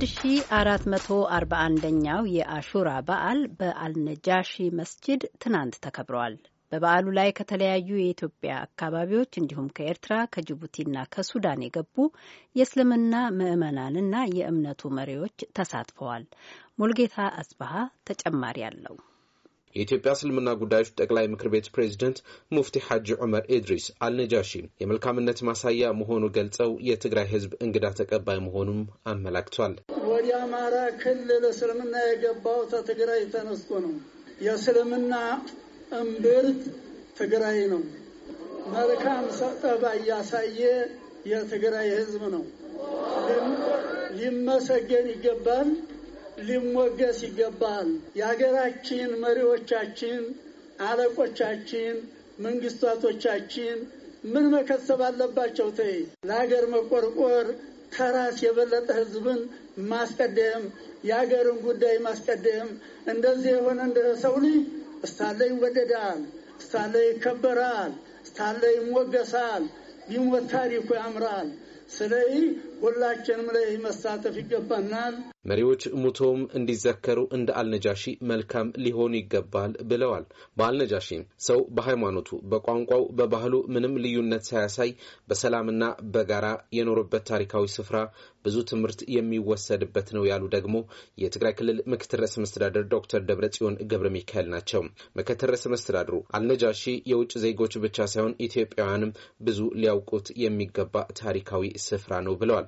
1441ኛው የአሹራ በዓል በአልነጃሺ መስጂድ ትናንት ተከብረዋል። በበዓሉ ላይ ከተለያዩ የኢትዮጵያ አካባቢዎች እንዲሁም ከኤርትራ ከጅቡቲና ከሱዳን የገቡ የእስልምና ምዕመናንና የእምነቱ መሪዎች ተሳትፈዋል። ሙልጌታ አጽበሃ ተጨማሪ አለው። የኢትዮጵያ እስልምና ጉዳዮች ጠቅላይ ምክር ቤት ፕሬዚደንት ሙፍቲ ሐጂ ዑመር ኢድሪስ አልነጃሺ የመልካምነት ማሳያ መሆኑ ገልጸው የትግራይ ሕዝብ እንግዳ ተቀባይ መሆኑም አመላክቷል። ወደ አማራ ክልል እስልምና የገባው ከትግራይ ተነስቶ ነው። የእስልምና እምብርት ትግራይ ነው። መልካም ሰጠባ ያሳየ የትግራይ ሕዝብ ነው። ሊመሰገን ይገባል። ሊሞገስ ይገባል። የሀገራችን መሪዎቻችን፣ አለቆቻችን፣ መንግስታቶቻችን ምን መከሰብ አለባቸው? ተይ ለሀገር መቆርቆር ከራስ የበለጠ ህዝብን ማስቀደም፣ የሀገርን ጉዳይ ማስቀደም። እንደዚህ የሆነ እንደ ሰው ልጅ እስታለ ይወደዳል፣ እስታለ ይከበራል፣ እስታለ ይሞገሳል። ቢሞት ታሪኩ ያምራል። ስለዚህ ሁላችንም ላይ መሳተፍ ይገባናል። መሪዎች ሙቶም እንዲዘከሩ እንደ አልነጃሺ መልካም ሊሆኑ ይገባል ብለዋል። በአልነጃሺ ሰው በሃይማኖቱ፣ በቋንቋው፣ በባህሉ ምንም ልዩነት ሳያሳይ በሰላምና በጋራ የኖረበት ታሪካዊ ስፍራ ብዙ ትምህርት የሚወሰድበት ነው ያሉ ደግሞ የትግራይ ክልል ምክትል ርዕሰ መስተዳደር ዶክተር ደብረጽዮን ገብረ ሚካኤል ናቸው። ምክትል ርዕሰ መስተዳድሩ አልነጃሺ የውጭ ዜጎች ብቻ ሳይሆን ኢትዮጵያውያንም ብዙ ሊያውቁት የሚገባ ታሪካዊ ስፍራ ነው ብለዋል።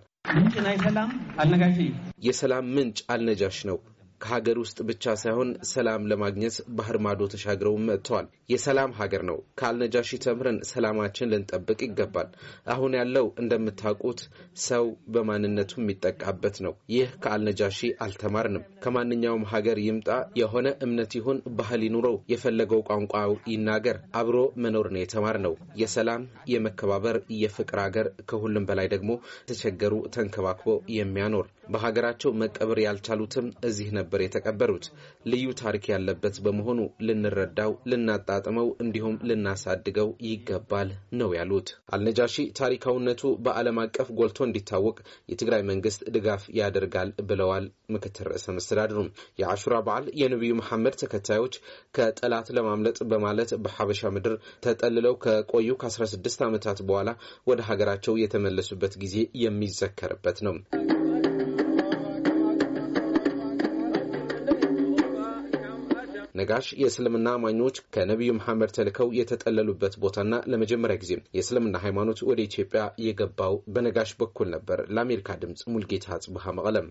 የሰላም ምንጭ አልነጃሽ ነው። ከሀገር ውስጥ ብቻ ሳይሆን ሰላም ለማግኘት ባህር ማዶ ተሻግረው መጥተዋል። የሰላም ሀገር ነው። ከአልነጃሺ ተምረን ሰላማችን ልንጠብቅ ይገባል። አሁን ያለው እንደምታውቁት ሰው በማንነቱ የሚጠቃበት ነው። ይህ ከአልነጃሺ አልተማርንም። ከማንኛውም ሀገር ይምጣ፣ የሆነ እምነት ይሁን፣ ባህል ይኑረው፣ የፈለገው ቋንቋ ይናገር፣ አብሮ መኖር ነው የተማር ነው። የሰላም የመከባበር የፍቅር ሀገር ከሁሉም በላይ ደግሞ ተቸገሩ ተንከባክቦ የሚያኖር በሀገራቸው መቀበር ያልቻሉትም እዚህ ነበር ነበር የተቀበሩት። ልዩ ታሪክ ያለበት በመሆኑ ልንረዳው፣ ልናጣጥመው እንዲሁም ልናሳድገው ይገባል ነው ያሉት። አልነጃሺ ታሪካዊነቱ በዓለም አቀፍ ጎልቶ እንዲታወቅ የትግራይ መንግስት ድጋፍ ያደርጋል ብለዋል። ምክትል ርዕሰ መስተዳድሩም የአሹራ በዓል የነቢዩ መሐመድ ተከታዮች ከጠላት ለማምለጥ በማለት በሐበሻ ምድር ተጠልለው ከቆዩ ከ16 ዓመታት በኋላ ወደ ሀገራቸው የተመለሱበት ጊዜ የሚዘከርበት ነው። ነጋሽ የእስልምና አማኞች ከነቢዩ መሐመድ ተልከው የተጠለሉበት ቦታና ለመጀመሪያ ጊዜ የእስልምና ሃይማኖት ወደ ኢትዮጵያ የገባው በነጋሽ በኩል ነበር። ለአሜሪካ ድምፅ ሙልጌታ አጽብሃ መቀለም